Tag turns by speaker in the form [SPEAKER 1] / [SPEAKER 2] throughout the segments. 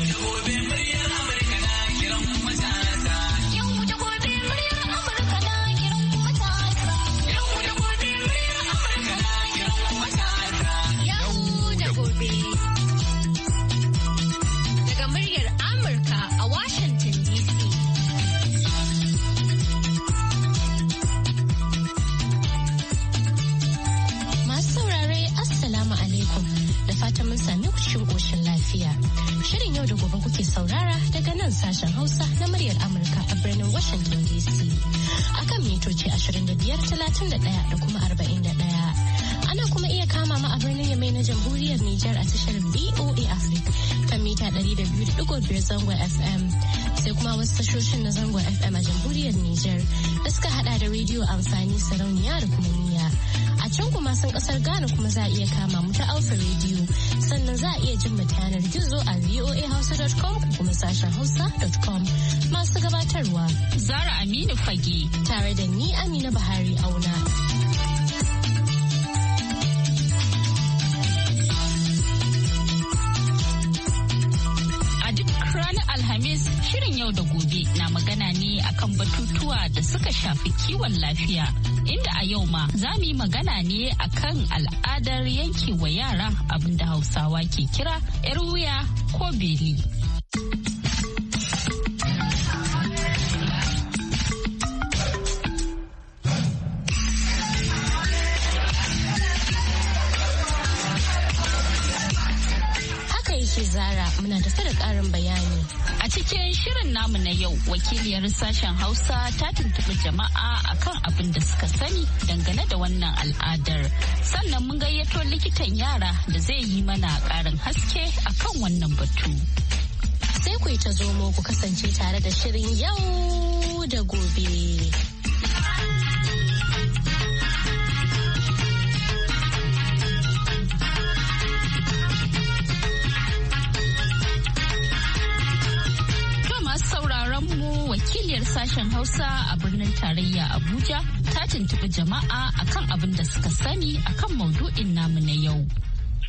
[SPEAKER 1] Yeah.
[SPEAKER 2] masan kasar Ghana kuma za a iya kama mu ta Alpha Radio. Sannan za a iya jin mu ta yanar gizo a voahausa.com ko kuma sashen hausa.com. Masu gabatarwa Zara Aminu Fage tare da ni Amina Buhari Auna.
[SPEAKER 3] Shirin yau da gobe na magana ne akan batutuwa da suka shafi kiwon lafiya. Inda a yau ma za mu yi magana ne akan al'adar yanki wa yara abinda Hausawa ke kira 'yar wuya ko beli. Haka yake zara muna tafe da ƙarin bayani. cikin shirin namu na yau wakiliyar sashen Hausa ta tuntuɓi jama'a akan abin da suka sani dangane da wannan al'adar. Sannan mun gayyato likitan yara da zai yi mana ƙarin
[SPEAKER 2] haske akan wannan batu. Sai ku yi ta zomo ku kasance tare da shirin yau da gobe.
[SPEAKER 3] wakiliyar sashen hausa a birnin tarayya abuja ta tuntuɓi jama'a akan abin da suka sani akan maudu'in namu na yau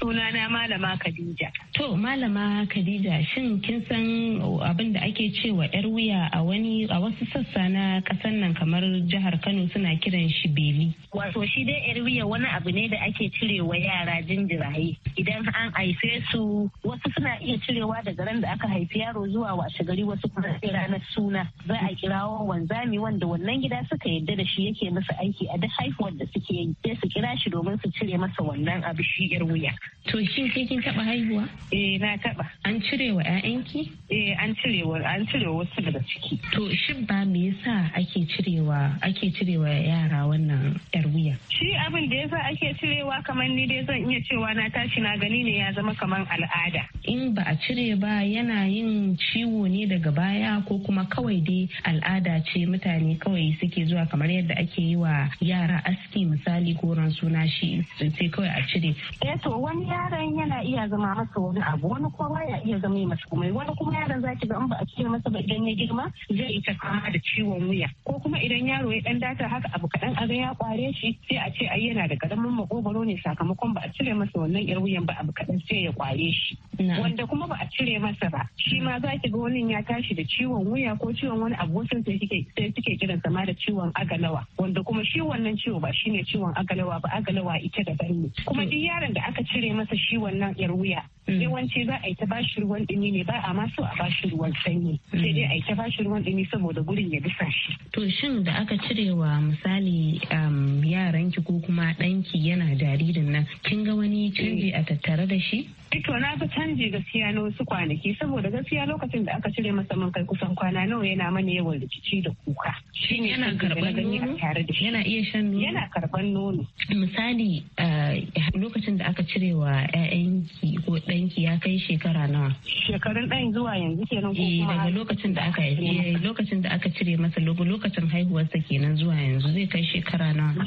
[SPEAKER 3] sunana malama Khadija.
[SPEAKER 4] To malama Khadija shin kin san abin da ake cewa yar wuya a wani a wasu sassa na kasan nan kamar jihar Kano suna kiran shi beli. Wato shi dai yar wuya wani abu ne da ake cirewa yara jinjiraye idan an haife su wasu suna iya cirewa daga ran da aka haifi yaro zuwa washe gari wasu kuma sai ranar suna za a kirawo wanzami wanda wannan gida suka yadda da shi yake masa aiki a duk haihuwar da suke yi sai su kira shi domin su cire masa wannan abu shi yar wuya To shin sai kin taba haihuwa? Eh na taba. An cire wa ƴaƴanki? Eh an cire wa an cire wasu daga ciki. To shin ba me yasa ake cirewa ake cirewa yara wannan yar wuya? Shi abin da yasa ake cirewa kamar ni dai zan iya cewa na tashi na gani ne ya zama kamar al'ada. In ba a cire ba yana yin ciwo ne daga baya ko kuma kawai dai al'ada ce mutane kawai suke zuwa kamar yadda ake yi wa yara aski misali ko ran suna shi sai kawai a cire.
[SPEAKER 2] Eh to wani wani yaron yana iya zama masa wani abu wani kowa ya iya zama mashi kuma wani kuma yaron zaki ga an ba a ce masa ba idan ya girma zai ita kama da ciwon wuya ko
[SPEAKER 4] kuma idan yaro ya dan data haka abu kadan a ga ya kware shi sai a ce ai yana da karamin makogoro ne sakamakon ba a cire masa wannan yar wuyan ba abu kadan sai ya kware shi wanda kuma ba a cire masa ba shi ma zaki ga wani ya tashi da ciwon wuya ko ciwon wani abu wasu sai suke sai suke kiran sama da ciwon agalawa wanda kuma shi wannan ciwo ba shine ciwon agalawa ba agalawa ita da ne kuma mm. duk yaron da aka cire cire masa shi wannan yar wuya Mm. yawanci za a yi ta bashi ruwan dumi ne ba a masu so a bashi ruwan sanyi mm. sai dai a yi ta bashi ruwan dumi saboda gurin ya bisa shi to shin da aka cirewa misali um, yaranki ko kuma ɗanki yana jaririn nan kin ga wani canji eh. a tattare da shi Ito eh na ga canji gaskiya na wasu kwanaki saboda gaskiya lokacin da aka cire masa man kai kusan kwana nawa yana mana yawan rikici da kuka.
[SPEAKER 5] Shin yana karban nono?
[SPEAKER 4] Yana iya shan nono? Yana karban nono. Misali uh, lokacin da aka cire wa 'ya'yanki ko ɗan ɗanki ya kai shekara nawa shekarun ɗan zuwa yanzu kenan ko eh, kuma daga lokacin da aka lokacin da aka cire masa logo lokacin haihuwarsa kenan zuwa yanzu zai kai shekara nawa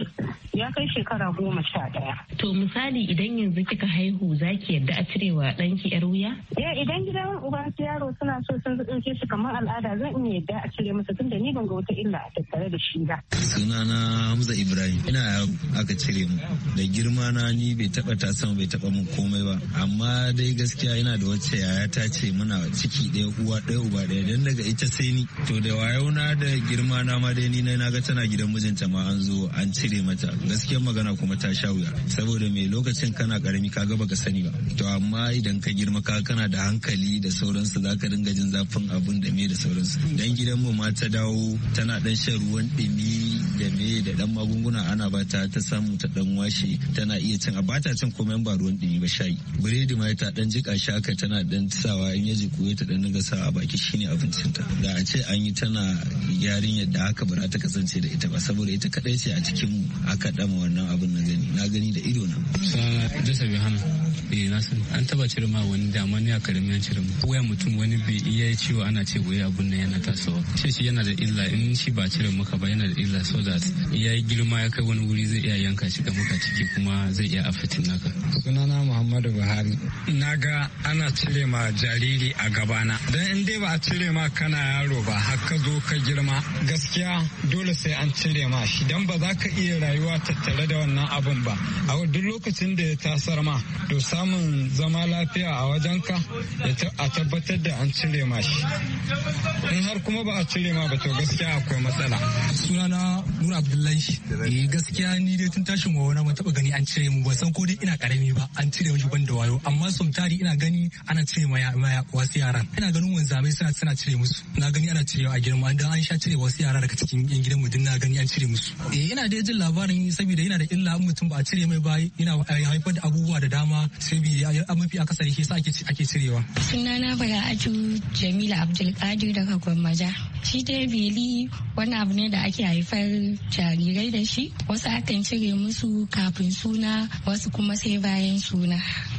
[SPEAKER 4] ya kai shekara goma sha ɗaya to misali idan yanzu kika haihu zaki yadda a cire cirewa ɗanki yar wuya eh idan gidan uba su yaro suna so sun ɗauke shi kamar al'ada zan iya yadda a cire
[SPEAKER 2] masa tunda ni ban ga wata illa a tattare da shi ba
[SPEAKER 1] sunana Hamza Ibrahim ina aka cire mu da girma na ni bai taɓa ta sama bai taɓa mun komai ba amma dai gaskiya ina da wacce yaya ta ce muna ciki ɗaya uwa ɗaya uba ɗaya dan daga ita sai ni to da wayo na da girma na ma dai ni na ga tana gidan mijinta ma an zo an cire mata gaskiya magana kuma ta sha wuya saboda mai lokacin kana karami ka ga baka sani ba to amma idan ka girma ka kana da hankali da sauransu za ka dinga jin zafin abun da me da sauransu dan gidan mu ma ta dawo tana dan shan ruwan ɗumi da me da dan magunguna ana ba ta ta samu ta dan washe tana iya cin a bata cin komai ba ruwan dumi ba shayi biredi ma ta dan jika shi tana dan sawa in ya jiku ta dan daga sa a baki shine abincin ta da a ce an yi tana yarinyar da aka ba ta kasance da ita ba saboda ita kadai ce a cikin mu aka dama wannan abin na gani na gani da ido na. Sa Joseph Yohana. eh na san an taba cire ma wani dama ne a karami an cire mu waya mutum wani bai iya ciwo ana ce waya abun nan yana tasowa ce shi yana da illa in shi ba cire maka ba yana da illa so that ya girma ya kai wani wuri zai iya yanka shi ga maka ciki kuma zai iya afitin naka
[SPEAKER 6] sunana muhammadu buhari na ga
[SPEAKER 5] ana cire ma jariri a gabana dan in dai ba a cire ma kana yaro ba har ka zo
[SPEAKER 7] ka girma gaskiya dole sai an cire ma shi don ba za ka iya rayuwa tattare da wannan abin ba a duk lokacin da ya tasar ma to samun zama lafiya a
[SPEAKER 1] wajenka a tabbatar da an cire ma shi in har kuma ba a cire ma ba to gaskiya akwai matsala sunana nura abdullahi eh gaskiya ni dai tun tashin wa wani taba gani an cire mu ba san ko dai ina karami ba an cire mu ban da wayo amma sun tari ina gani ana cire ma wasu yaran ina ganin wanzamai suna suna cire musu na gani ana cirewa a girma dan an sha cire wasu yara daga cikin gidan mu dinna na gani an cire musu
[SPEAKER 7] eh ina dai jin labarin saboda yana da
[SPEAKER 1] illa mutum ba a cire mai ba yana haifar da abubuwa da dama saboda a mafi akasari shi sa
[SPEAKER 7] ake cirewa
[SPEAKER 3] sunana bara aju jamila abdulkadir daga gwammaja shi dai beli wani abu ne da ake haifar jarirai da shi wasu akan cire musu kafin suna wasu kuma sai bayan suna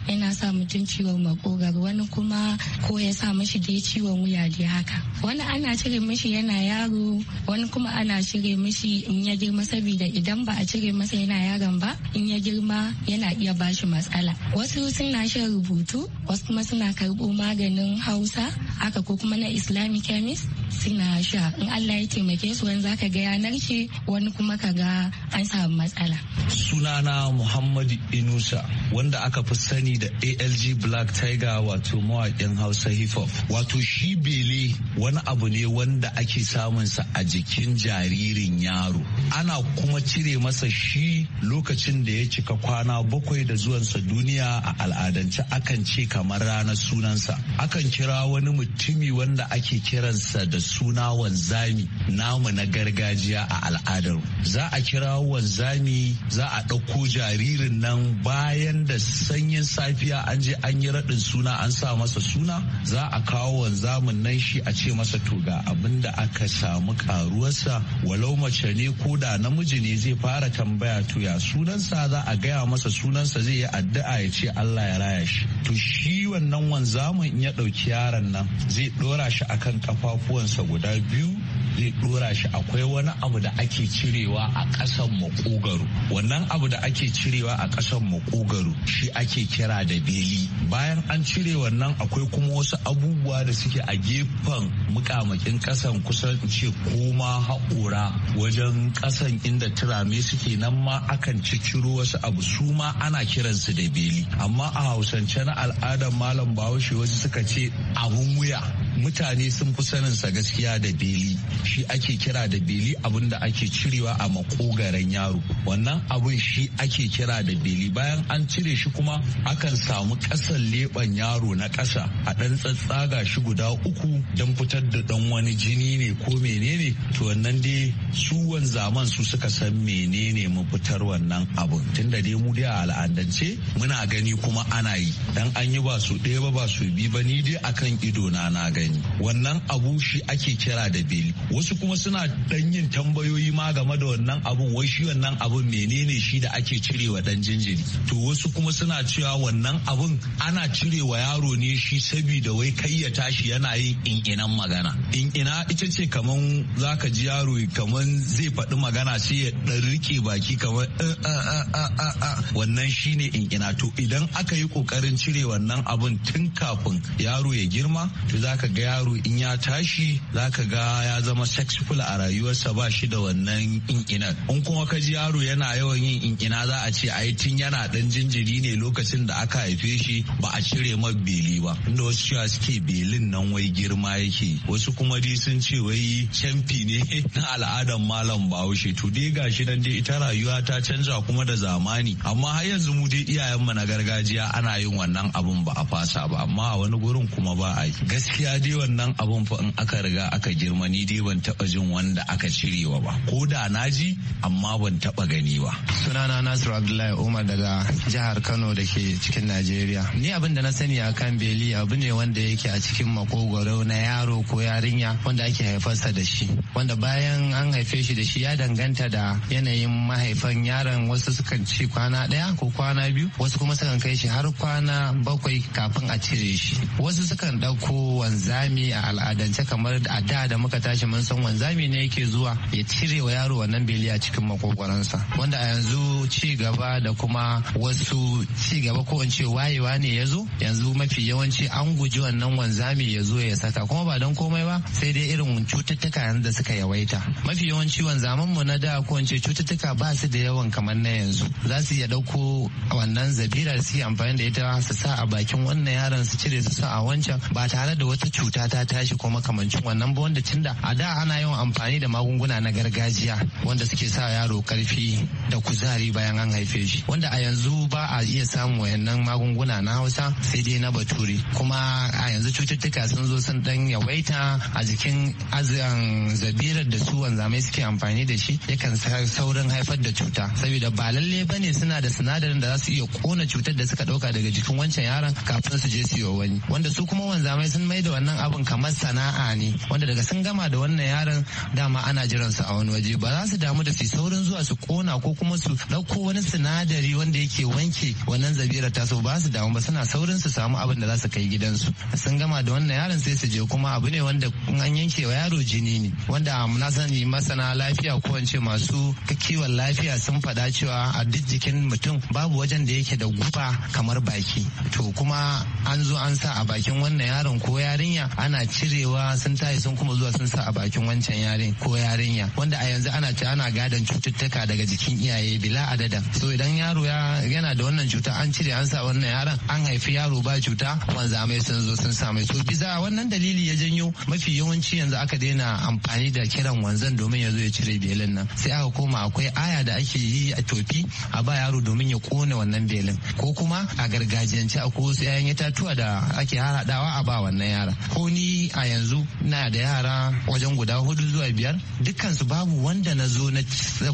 [SPEAKER 3] yana sa mutum ciwon makogaro wani kuma ko ya sa mashi dai ciwon wuya da haka wani ana cire mashi yana yaro wani kuma ana ana cire mishi in ya girma saboda idan ba a cire masa yana yaron ba in ya girma yana iya bashi matsala wasu suna shan rubutu wasu kuma suna karɓo maganin hausa haka ko kuma na islamic chemist suna sha in allah ya taimake su wani zaka ga yanar shi wani kuma ka ga an samu matsala
[SPEAKER 1] sunana muhammadu inusa wanda aka fi sani da alg black tiger wato mawaƙin hausa hip hop wato shi bele wani abu ne wanda ake samunsa a jikin jari jaririn yaro ana kuma cire masa shi lokacin da ya cika kwana bakwai da zuwansa duniya a al'adance akan ce kamar ranar sunansa akan kira wani mutumi wanda ake kiransa da suna wanzami namu na gargajiya a al'adar za a kira wanzami za a ɗauko jaririn nan bayan da sanyin safiya an je an yi raɗin suna an sa masa suna za a kawo wanzamin nan shi a ce masa to ga abin da aka samu karuwarsa walau mace ne ko da namiji ne zai fara tambaya to ya sunansa za a gaya masa sunansa zai yi addu'a ya ce Allah ya raya shi to shi wannan wanzamin in ya ɗauki yaron nan zai ɗora shi akan kafafuwansa guda biyu zai dora shi akwai wani abu da ake cirewa a ƙasan makogaro wannan abu da ake cirewa a ƙasan makogaro shi ake kira da beli bayan an cire wannan akwai kuma wasu abubuwa da suke a gefen mukamakin ƙasan kusan ce koma haƙo kura wajen kasan inda turame suke nan ma akan cicciro wasu abu su ma ana kiransu da beli amma a hausance na al'adar malam bahaushe wasu suka ce abun wuya mutane sun fi sanin sa gaskiya da beli shi ake kira da beli abin da ake cirewa a makogaren yaro wannan abin shi ake kira da beli bayan an cire shi kuma akan samu ƙasan leɓen yaro na ƙasa a ɗan tsatsaga shi guda uku don fitar da ɗan wani jini ne ko menene to wannan dai su wanzaman su suka san menene mafitar wannan abin tunda dai mu dai a al'adance muna gani kuma ana yi dan an yi ba su ɗaya ba ba su bi ba ni dai akan ido na na gani gani wannan abu shi ake kira da beli wasu kuma suna dan yin tambayoyi ma game da wannan abun wai shi wannan abun menene shi da ake cirewa dan jinjiri to wasu kuma suna cewa wannan abun ana cirewa yaro ne shi saboda wai kai ya tashi yana yin in'inan magana in'ina ita ce kaman zaka ji yaro kaman zai faɗi magana sai ya dan rike baki kaman eh, eh, eh, wannan shine in'ina to idan aka yi kokarin cire wannan abun tun kafin yaro ya girma to zaka ga yaro in ya tashi za ka ga ya zama sexful a rayuwarsa ba shi da wannan inkinan in kuma ka ji yaro yana yawan yin inkina za a ce ai tun yana dan jinjiri ne lokacin da aka haife shi ba a cire ma beli ba inda wasu cewa suke belin nan wai girma yake wasu kuma dai sun ce wai camfi ne na al'adan malam bahaushe to dai gashi nan dai ita rayuwa ta canza kuma da zamani amma har yanzu mu dai iyayenmu na gargajiya ana yin wannan abun ba a fasa ba amma a wani gurin kuma ba a yi gaskiya dai wannan abun fa in aka riga aka girma ni dai ban taba jin wanda aka cirewa ba ko da na ji amma ban taba gani ba
[SPEAKER 6] sunana Nasiru Abdullahi Umar daga jihar Kano da ke cikin Najeriya ni abin da na sani kan beli abu ne wanda yake a cikin makogoro na yaro ko yarinya wanda ake haifarsa da shi wanda bayan an haife shi da shi ya danganta da yanayin mahaifan yaron wasu sukan ci kwana daya ko kwana biyu wasu kuma sukan kai shi har kwana bakwai kafin a cire shi wasu sukan ɗauko wanza wanzami a al'adance kamar a da da muka tashi mun san wanzami ne yake zuwa ya cire wa yaro wannan beli a cikin makogwaransa wanda a yanzu ci gaba da kuma wasu ci gaba ko in ce wayewa ne ya zo yanzu mafi yawanci an guji wannan wanzami ya zo ya saka kuma ba don komai ba sai dai irin cututtuka yanzu da suka yawaita mafi yawanci wanzaman mu na da ko in ce cututtuka ba su da yawan kamar na yanzu za su iya dauko wannan zabirar su amfani da ita su sa a bakin wannan yaron su cire su sa a wancan ba tare da wata cuta cuta ta tashi ko makamancin wannan ba wanda tunda a da ana yawan amfani da magunguna na gargajiya wanda suke sa yaro karfi da kuzari bayan an haife shi wanda a yanzu ba a iya samun wayannan magunguna na hausa sai dai na bature kuma a yanzu cututtuka sun zo sun dan yawaita a jikin azan zabirar da su wanzamai suke amfani da shi yakan saurin haifar da cuta saboda ba lalle bane suna da sinadarin da za su iya kona cutar da suka dauka daga jikin wancan yaron kafin su je su yi wani wanda su kuma wanzamai sun mai da wannan wannan abin kamar sana'a ne wanda daga sun gama da wannan yaron dama ana jiran su a wani waje ba za su damu da su saurin zuwa su kona ko kuma su dauko wani sinadari wanda yake wanke wannan zabira ta so ba su damu ba suna saurin su samu abin da za su kai gidansu sun gama da wannan yaron sai su je kuma abu ne wanda in an yanke wa yaro jini ne wanda na sani masana lafiya ko wance masu kiwon lafiya sun faɗa cewa a duk jikin mutum babu wajen da yake da guba kamar baki to kuma an zo an sa a bakin wannan yaron ko yarinya yarinya ana cirewa sun tashi sun kuma zuwa sun sa a bakin wancan yarin ko yarinya wanda a yanzu ana ci ana gadon cututtuka daga jikin iyaye bila adada so idan yaro ya yana da wannan cuta an cire an sa wannan yaran an haifi yaro ba cuta wanzamai sun zo sun sa mai so bisa wannan dalili ya janyo mafi yawanci yanzu aka daina amfani da kiran wanzan domin ya zo ya cire belin nan sai aka koma akwai aya da ake yi a tofi a ba yaro domin ya kone wannan belin ko kuma a gargajiyance akwai wasu 'ya'yan itatuwa da ake haradawa a ba wannan yaran. ko ni a yanzu na da yara wajen guda hudu zuwa biyar dukkansu babu wanda na zo na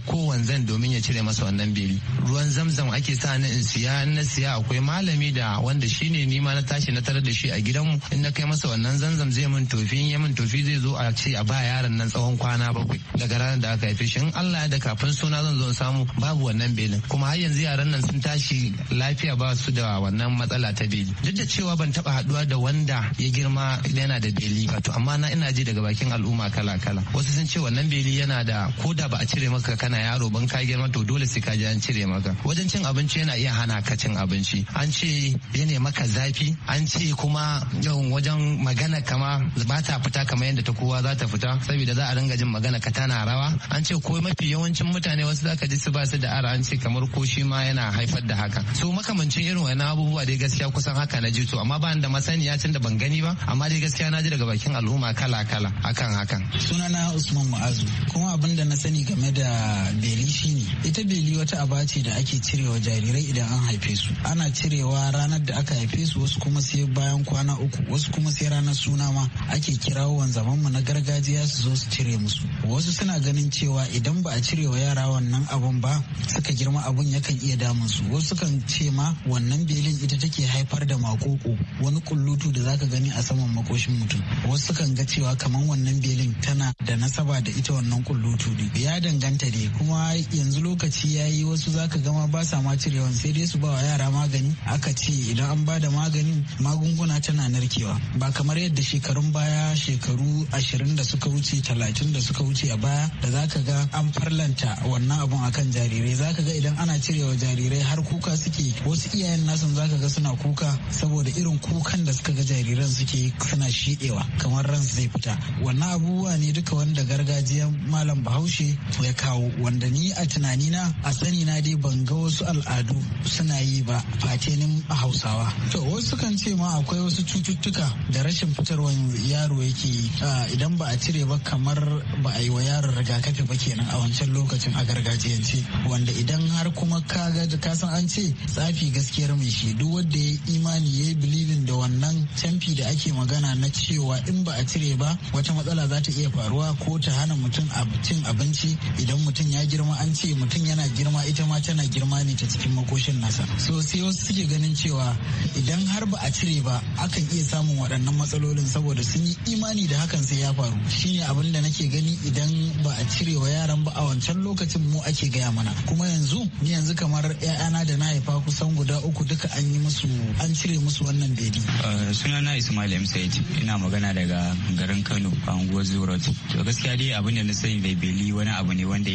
[SPEAKER 6] ko wanzan domin ya cire masa wannan beli ruwan zamzam ake sa ni in siya in na siya akwai malami da wanda shine ni ma na tashi na tarar da shi a gidanmu in na kai masa wannan zamzam zai min tofi in ya min tofi zai zo a ce a ba yaron nan tsawon kwana bakwai daga ranar da aka haife shi in Allah ya da kafin suna zan zo in samu babu wannan belin kuma har yanzu yaran nan sun tashi lafiya ba su da wannan matsala ta beli duk da cewa ban taba haduwa da wanda ya girma yana da beli ba to amma na ina ji daga bakin al'umma kala kala wasu sun ce wannan beli yana da ko da ba a cire maka kana yaro ban ka girma to dole sai ka je an cire maka wajen cin abinci yana iya hana ka cin abinci an ce yana maka zafi an ce kuma wajen magana kama ba ta fita kamar yadda ta kowa za ta fita saboda za a ringa jin magana ka tana rawa an ce ko mafi yawancin mutane wasu zaka ji su ba su da ara an ce kamar ko shi ma yana haifar da haka so makamancin irin wani abubuwa dai gaskiya kusan haka na ji to amma ba da masaniya tun da ban gani ba amma amma dai gaskiya na ji daga bakin al'umma kala kala akan hakan
[SPEAKER 7] sunana usman ma'azu kuma abin da na sani game da beli shine ita beli wata aba ce da ake cirewa jarirai idan an haife su ana cirewa ranar da aka haife su wasu kuma sai bayan kwana uku wasu kuma sai ranar suna ma ake kirawo wanzaman mu na gargajiya su zo su cire musu wasu suna ganin cewa idan ba a cirewa yara wannan abun ba suka girma abun yakan iya damun su wasu kan ce ma wannan belin ita take haifar da makoko wani kullutu da zaka gani a saman makoshin mutum wasu kan ga cewa kamar wannan belin tana da nasaba da ita wannan kullutu ne ya danganta ne kuma yanzu lokaci ya yi wasu zaka gama ba sa ma cirewan sai dai su ba wa yara magani aka ce idan an ba da maganin magunguna tana narkewa ba kamar yadda shekarun baya shekaru ashirin da suka wuce talatin da suka wuce a baya da zaka ga an farlanta wannan abun akan jarirai zaka ga idan ana cirewa jarirai har kuka suke wasu iyayen nasu zaka ga suna kuka saboda irin kukan da suka ga jariran suke suna shiɗewa kamar ran zai fita wannan abubuwa ne duka wanda gargajiya malam bahaushe ya kawo wanda ni a tunani na a sani na dai ban ga wasu al'adu suna yi ba fatenin hausawa to wasu kan ce ma akwai wasu cututtuka da rashin fitarwan yaro yake yi idan ba a cire ba kamar ba a yi wa yaron rigakafi ba kenan a wancan lokacin a gargajiyance wanda idan har kuma ka ka san an ce tsafi gaskiyar mai shi duk wanda ya yi imani ya yi bilibin da wannan canfi da ake magana magana na cewa in ba a cire ba wata matsala za ta iya faruwa ko ta hana mutum cin abinci idan mutum ya girma an ce mutum yana girma ita ma tana girma ne ta cikin makoshin nasa so sai wasu suke ganin cewa idan har ba a cire ba akan iya samun waɗannan matsalolin saboda sun yi imani da hakan sai ya faru shine abin da nake gani idan ba a cire wa yaran ba a wancan lokacin mu ake gaya mana kuma yanzu ni yanzu kamar 'ya'yana da na haifa kusan guda uku duka an yi musu an cire musu wannan bedi uh, sunana ismail msa ina magana daga garin Kano a unguwar Zurot. To gaskiya dai abin da na sani beli wani abu ne wanda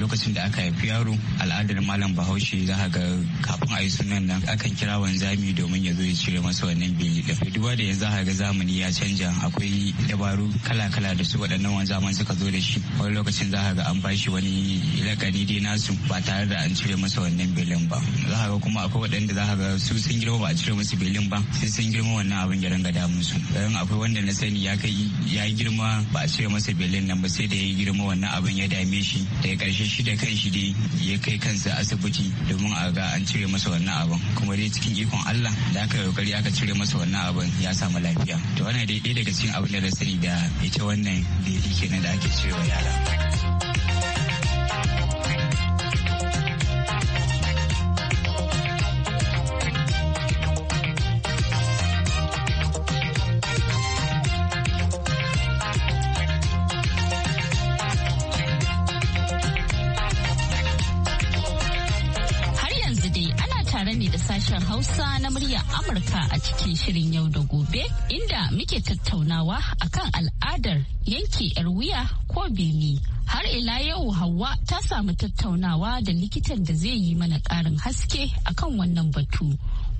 [SPEAKER 7] lokacin da aka haifi yaro al'adar malam Bahaushe za ga kafin a yi sunan nan akan kira wanzami domin ya zo ya cire masa wannan beli da Duba da yanzu ga zamani ya canja akwai dabaru kala-kala da su waɗannan wanzaman suka zo da shi. Wani lokacin za ga an bashi wani lakani dai nasu ba tare da an cire masa wannan belin ba. Za ga kuma akwai waɗanda za ga su sun girma ba a cire musu belin ba sai sun girma wannan abin ya ranga damun su. don akwai wanda na sani ya kai ya girma ba a cire masa belin nan ba sai da ya girma wannan abin ya dame shi daga karshe shi da kan shi dai ya kai kansa asibiti domin a ga an cire masa wannan abin kuma dai cikin ikon Allah da aka kokari aka cire masa wannan abin ya samu lafiya to wannan dai dai daga cikin abin da na sani da ita wannan beli kenan da ake cewa yara.
[SPEAKER 3] da sashen Hausa na muryar Amurka a cikin shirin yau da gobe inda muke tattaunawa akan al'adar yanke 'yar wuya ko beli. Har ila yau Hauwa ta samu tattaunawa da likitan da zai yi mana ƙarin haske akan wannan batu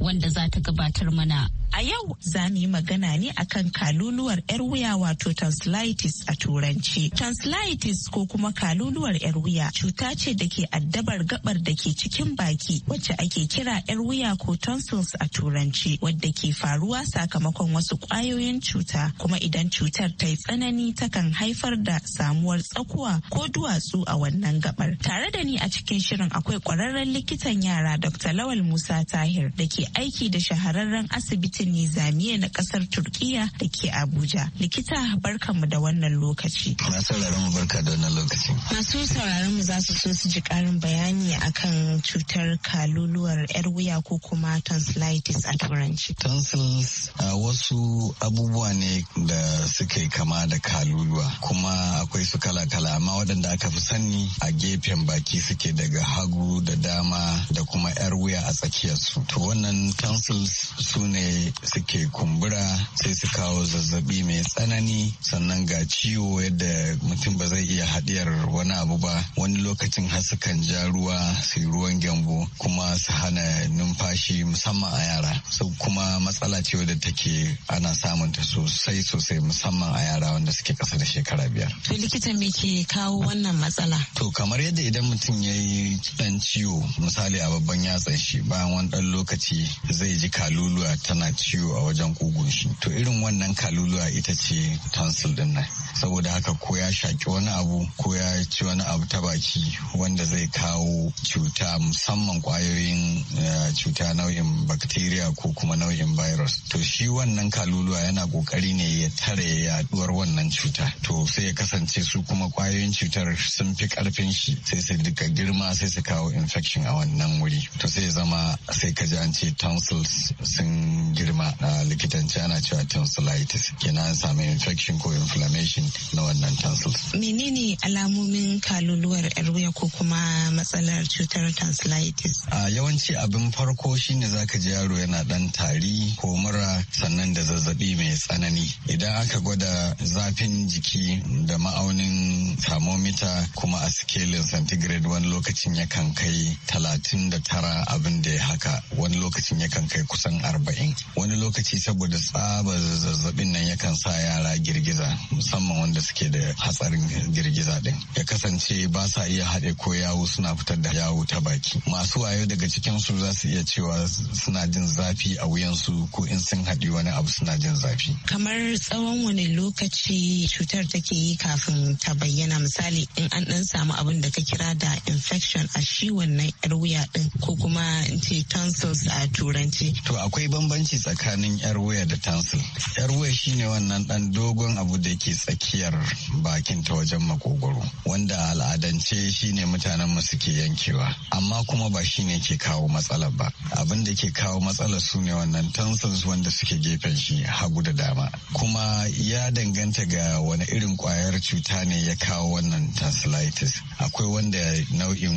[SPEAKER 3] wanda za ta gabatar mana. A yau za mu yi
[SPEAKER 4] magana ne akan kaluluwar 'yar wuya wato tonsillitis a turanci. Tonsillitis ko kuma kaluluwar 'yar wuya cuta ce da ke addabar gabar da ke cikin baki wacce ake kira 'yar wuya ko tonsils a turanci wadda ke faruwa sakamakon wasu ƙwayoyin cuta kuma idan cutar ta yi tsanani takan haifar da samuwar tsakuwa ko duwatsu a wannan gabar. Tare da ni a cikin shirin akwai kwararren likitan yara Dr. Lawal Musa Tahir da ke aiki da shahararren asibiti asibitin nizamiya na kasar turkiya da ke abuja likita barkanmu da wannan lokaci masu
[SPEAKER 1] sauraron mu barka
[SPEAKER 5] da wannan lokaci
[SPEAKER 4] masu sauraron mu za su so su ji karin bayani akan cutar kaluluwar yar wuya ko kuma tonsillitis a turanci
[SPEAKER 5] tonsils wasu abubuwa ne da suke kama da kaluluwa kuma akwai su kala-kala amma waɗanda aka fi sani a gefen baki suke daga hagu da dama da kuma yar wuya a tsakiyarsu to wannan tonsils su ne suke kumbura sai su kawo zazzabi mai tsanani sannan ga ciwo yadda mutum ba zai iya haɗiyar wani abu ba wani lokacin har sukan ja ruwa su ruwan gyambo kuma su hana numfashi musamman a yara sau kuma matsala ce wadda take ana samun ta sosai sosai musamman a yara wanda suke ƙasa da shekara biyar.
[SPEAKER 4] To likita me ke kawo wannan matsala?
[SPEAKER 5] To kamar yadda idan mutum ya yi ɗan ciwo misali a babban yatsan shi bayan wani ɗan lokaci zai ji kaluluwa tana ciwo a wajen kugun shi to irin wannan kaluluwa ita ce tonsil din nan saboda haka ko ya shaki wani abu ko ya ci wani abu ta baki wanda zai kawo cuta musamman kwayoyin eh, cuta nau'in bacteria ko kuma nau'in virus to shi wannan kaluluwa yana kokari ne ya tare yaduwar wannan cuta to sai ya kasance su kuma kwayoyin cutar sun fi karfin shi sai su duka girma sai su kawo infection a wannan wuri to sai zama sai ka an ce tonsils sun girma girma na likitanci ana cewa tonsillitis kenan an samu infection ko inflammation na wannan tonsils.
[SPEAKER 4] Menene alamomin kaluluwar wuya ko kuma
[SPEAKER 5] matsalar cutar tonsillitis? A yawanci abin farko shine zaka ji yaro yana dan tari ko mura sannan da zazzabi mai tsanani. Idan aka gwada zafin jiki da ma'aunin thermometer kuma a sikelin centigrade wani lokacin yakan kai talatin da tara abin da ya haka wani lokacin yakan kai kusan arba'in. wani lokaci saboda tsaba zazzabin nan yakan sa yara girgiza musamman wanda suke da hatsarin girgiza din ya kasance ba sa iya haɗe ko yawu suna fitar da yawo ta baki masu wayo daga cikin su za su iya cewa suna jin zafi a wuyansu ko in sun haɗi wani abu suna jin
[SPEAKER 7] zafi
[SPEAKER 4] kamar tsawon wani lokaci cutar take yi kafin ta bayyana misali in an ɗan samu abin da ka kira da infection a shi wannan yar wuya din ko kuma
[SPEAKER 5] in ce tonsils a turanci to akwai bambanci tsakanin yar waya da tansil yar waya shine wannan dan dogon abu da ke tsakiyar bakin ta wajen makogwaro wanda al'adance shine mutanen mu suke yankewa amma kuma ba shine ke kawo matsalar ba abin da ke kawo matsalar su ne wannan tonsils wanda suke gefen shi hagu da dama kuma ya danganta ga wani irin kwayar cuta ne ya kawo wannan tonsillitis akwai wanda nau'in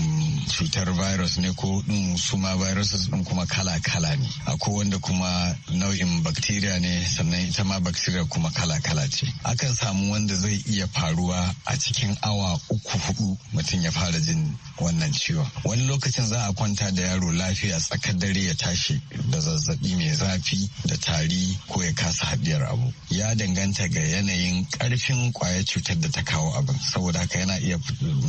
[SPEAKER 5] cutar virus ne ko din suma ma viruses din kuma kala-kala ne akwai wanda kuma nau'in bakteriya ne sannan ita ma bakteriya kuma kala-kala ce akan samu wanda zai iya faruwa a cikin awa uku hudu mutum ya fara jin wannan ciwon wani lokacin za a kwanta da yaro lafiya tsakar dare ya tashi da zazzabi mai zafi da tari ko ya kasa haɗiyar abu ya danganta ga yanayin ƙarfin kwaya cutar da ta kawo abin saboda haka yana iya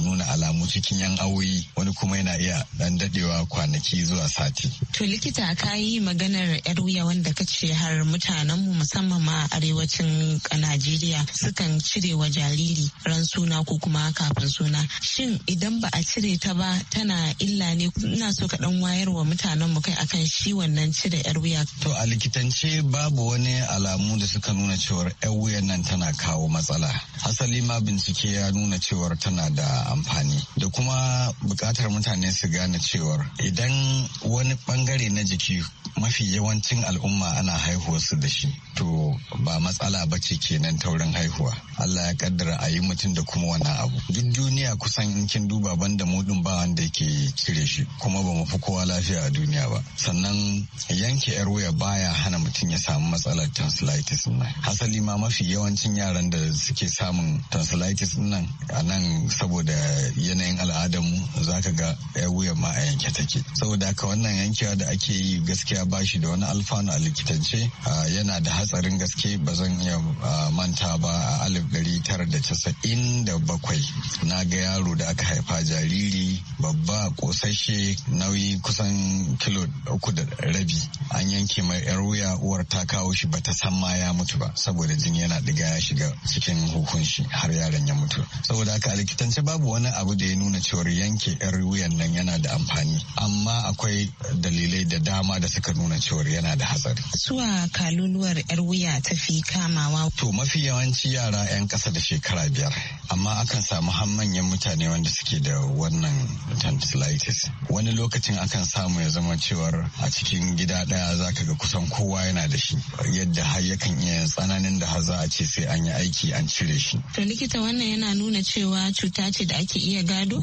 [SPEAKER 5] nuna alamu cikin yan awoyi wani kuma yana iya ɗan dadewa kwanaki zuwa sati
[SPEAKER 4] to likita ka yi maganar yar wuya wanda ka ce har mutanen mu musamman ma a arewacin Najeriya sukan cire wa jariri ran suna ko kuma kafin suna. Shin idan ba a cire ta ba tana illa ne ina so ka dan wayar wa mutanenmu kai akan shi wannan cire yar wuya.
[SPEAKER 5] To a likitance babu wani alamu da suka nuna cewar yar wuyan nan tana kawo matsala. asali ma bincike ya nuna cewar tana da amfani da kuma bukatar mutane su gane cewar idan wani bangare na jiki mafi yawancin al'umma al'umma ana haihuwar su da shi to ba matsala ba ce kenan taurin haihuwa Allah ya kaddara a yi mutum da kuma wani abu duk duniya kusan in kin duba banda mu din ba wanda yake cire shi kuma ba mu fi kowa lafiya a duniya ba sannan yanke yar wuya baya hana mutum ya samu matsalar tonsillitis nan hasali ma mafi yawancin yaran da suke samun tonsillitis nan a nan saboda yanayin al'adar al'adarmu zaka ga yar wuya ma a yanke take saboda haka wannan yankewa da ake yi gaskiya ba shi da wani alfanu a likitance yana da hatsarin gaske ba zan iya manta ba a alif ɗari tara da casa'in da bakwai na ga yaro da aka haifa jariri babba kosashe nauyi kusan kilo uku da rabi an yanke mai yar wuya uwar ta kawo shi bata san ma ya mutu ba saboda jini yana diga ya shiga cikin hukunci har yaron ya mutu saboda haka a likitance babu wani abu da ya nuna cewar yanke yar wuyan nan yana da amfani amma akwai dalilai da dama da suka nuna cewar yana da hatsari hatsari.
[SPEAKER 4] Suwa kaluluwar 'yar wuya ta
[SPEAKER 5] fi kamawa. To mafi yawanci yara 'yan kasa da shekara biyar amma akan samu har manyan mutane wanda suke da wannan tonsillitis. Wani lokacin akan samu ya zama cewar a cikin gida ɗaya za ka ga kusan kowa yana da shi yadda har yakan iya tsananin da har za a ce sai an yi aiki an cire shi.
[SPEAKER 4] To likita wannan yana nuna cewa cuta ce da ake iya gado?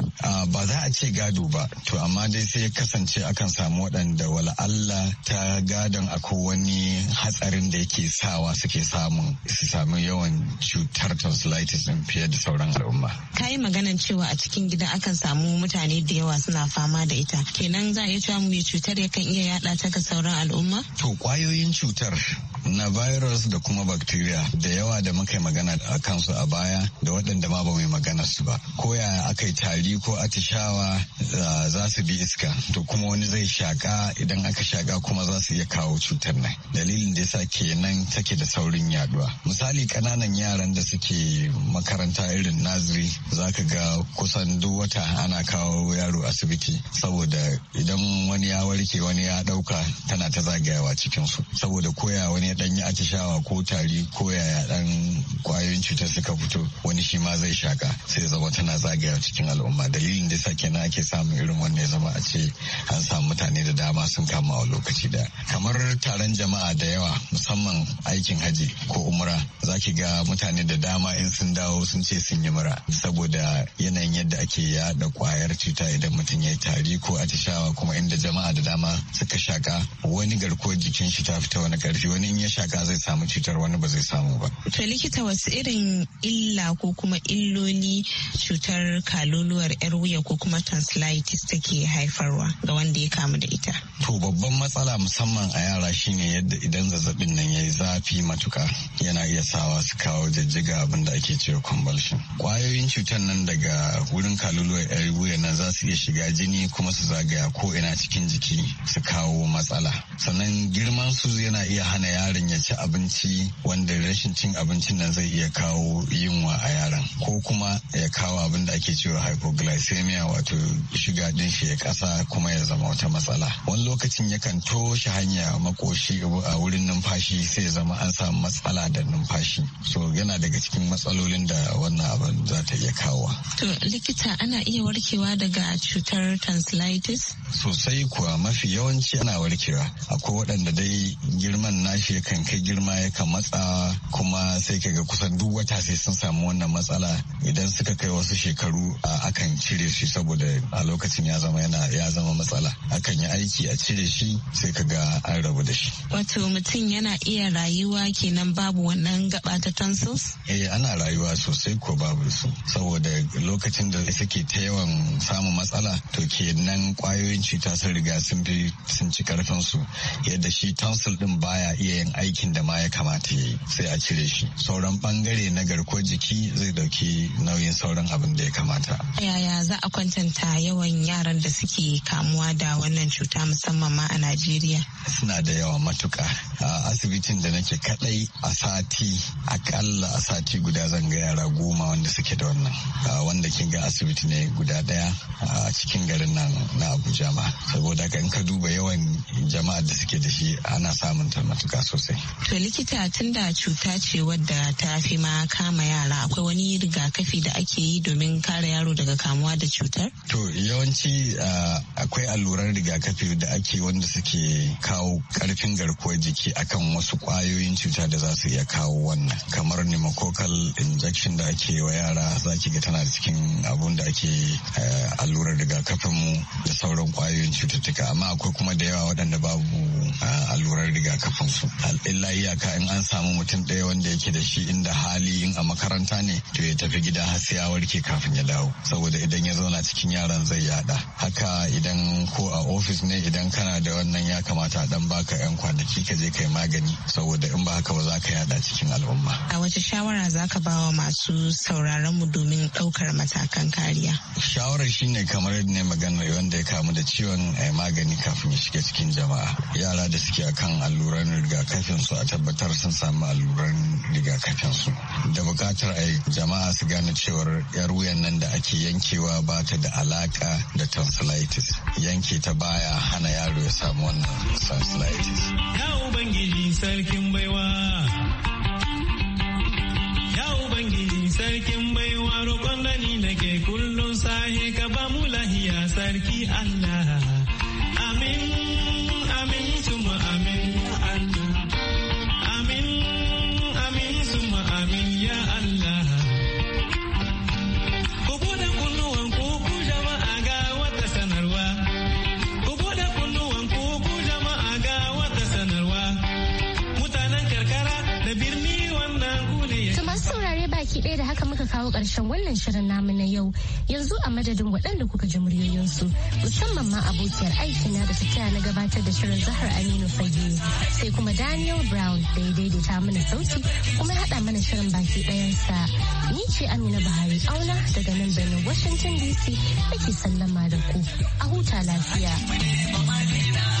[SPEAKER 5] Ba za a ce gado ba to amma dai sai kasance akan samu waɗanda wala Allah ta gadon akwai ko wani hatsarin da yake sawa suke samun su sami yawan cutar tonsillitis din fiye da sauran al'umma.
[SPEAKER 4] Ka yi maganan cewa a cikin gida akan samu mutane da yawa suna fama da ita. Kenan za a iya cewa mai cutar ya kan iya yaɗa ta ga sauran al'umma?
[SPEAKER 5] To kwayoyin cutar na virus da kuma bacteria da yawa da muka yi magana a kansu a baya da waɗanda ma ba mai magana su ba. Ko ya aka yi tari ko atishawa za su bi iska to kuma wani zai shaƙa idan aka shaƙa kuma za su iya kawo cutar. cutar nan dalilin da yasa kenan take da saurin yaduwa misali kananan yaran da suke makaranta irin naziri zaka ga kusan duk wata ana kawo yaro asibiti saboda idan wani ya warke wani ya dauka tana ta zagayawa cikin su saboda koya wani ya dan yi atishawa ko tari ko yaya dan kwayoyin cutar suka fito wani shi ma zai shaka sai zama tana zagayawa cikin al'umma dalilin da yasa nan ake samun irin wannan ya zama a ce an samu mutane da dama sun kama a lokaci da kamar ta taron jama'a da yawa musamman aikin haji ko umra za ki ga mutane da dama in sun dawo sun ce sun yi mura saboda yanayin yadda ake yada kwayar cuta idan mutum ya yi tari ko atishawa kuma inda jama'a da dama suka shaka wani garko jikin shi ta fita wani karfi wani in ya shaka zai samu cutar wani ba zai samu ba.
[SPEAKER 4] To likita wasu irin illa ko kuma illoli cutar kaluluwar yar wuya ko kuma tonsillitis take haifarwa ga wanda ya kamu da ita.
[SPEAKER 5] To babban matsala musamman a yara shine yadda idan zazzabin nan ya yi zafi matuka yana iya sawa su kawo jijjiga abin da ake cewa convulsion kwayoyin cutar nan daga wurin kaluluwar yar wuya nan za su iya shiga jini kuma su zagaya ko ina cikin jiki su kawo matsala sannan girman su yana iya hana yaron ya ci abinci wanda rashin cin abincin nan zai iya kawo yunwa a yaron ko kuma ya kawo abin da ake cewa hypoglycemia wato shiga din shi ya kasa kuma ya zama wata matsala wani lokacin yakan toshe hanya shi gaba a wurin numfashi sai zama an samu matsala da numfashi so yana daga cikin matsalolin da wannan abin za ta iya kawo
[SPEAKER 2] to
[SPEAKER 4] likita ana iya warkewa daga cutar tonsillitis
[SPEAKER 5] sosai kuwa mafi yawanci ana warkewa akwai waɗanda dai girman nashi kan kai girma yakan matsa kuma sai kaga kusan duk wata sai sun samu wannan matsala idan suka kai wasu shekaru a akan cire shi saboda a lokacin ya zama yana ya zama matsala akan yi aiki a cire shi sai ka ga an rabu da
[SPEAKER 4] Wato mutum yana iya rayuwa kenan babu wannan gaba ta tonsils?
[SPEAKER 5] Eh ana rayuwa sosai ko babu su saboda lokacin da suke ta yawan samun matsala to kenan kwayoyin cuta sun riga sun fi sun ci karfin su yadda shi tonsil din baya iya yin aikin da ma ya kamata yi sai a cire shi sauran bangare na garkuwar jiki zai dauki nauyin sauran abin da ya kamata.
[SPEAKER 4] Yaya za a kwantanta yawan yaran da suke kamuwa da wannan cuta musamman ma a Najeriya?
[SPEAKER 5] Suna da yawa matuka a asibitin da nake kadai a sati akalla a sati guda zan ga yara goma wanda suke da wannan wanda kin ga asibiti ne guda daya a cikin garin nan na abuja ma saboda in ka duba yawan jama'a da suke da shi ana samun ta matuka sosai
[SPEAKER 4] to likita tunda cuta ce wadda ta fi ma kama yara akwai wani rigakafi da ake yi domin kare yaro daga kamuwa da cutar
[SPEAKER 5] to yawanci akwai alluran rigakafi da ake wanda suke kawo kar karfin garkuwar jiki akan wasu kwayoyin cuta da za su iya kawo wannan kamar pneumococcal injection da ake wa yara za ki ga tana cikin abun da ake eh, allurar rigakafin mu da sauran kwayoyin cututtuka amma akwai kuma da yawa waɗanda babu eh, allurar rigakafin su illa iyaka in an samu mutum ɗaya wanda yake da shi inda hali in a makaranta ne to ya tafi gida har sai ya warke kafin ya dawo saboda idan ya zauna cikin yaran zai yada haka idan ko a ofis ne idan kana da wannan ya kamata a dan baka 'yan kwanaki ka je kai magani saboda in ba haka ba za ka yada cikin al'umma.
[SPEAKER 4] A wace shawara za ka ba wa masu sauraron mu domin ɗaukar matakan kariya?
[SPEAKER 5] Shawarar shi ne kamar ne magana wanda ya kamu da ciwon eh, magani kafin ya shiga cikin jama'a. Yara da suke akan alluran rigakafin su a tabbatar sun samu alluran rigakafin su. Da bukatar a jama'a su gane cewar yar wuyan nan da ake yankewa ba ta da alaƙa da tonsillitis. Yanke ta baya hana yaro ya samu wannan tonsillitis.
[SPEAKER 1] Ya Ubangiji sarkin baiwa. Ya Ubangiji sarkin baiwa roƙon da ni nake kullum sahi
[SPEAKER 2] ɗaya da haka muka kawo ƙarshen wannan shirin namu na yau yanzu a madadin waɗanda kuka ji muryoyinsu musamman ma abokiyar na da ta taya na gabatar da shirin zahar aminu fage sai kuma daniel brown da ya daidaita mana sauti kuma haɗa mana shirin baki ɗayansa ni ce amina buhari auna daga nan birnin washington dc ake sallama da ku a huta lafiya.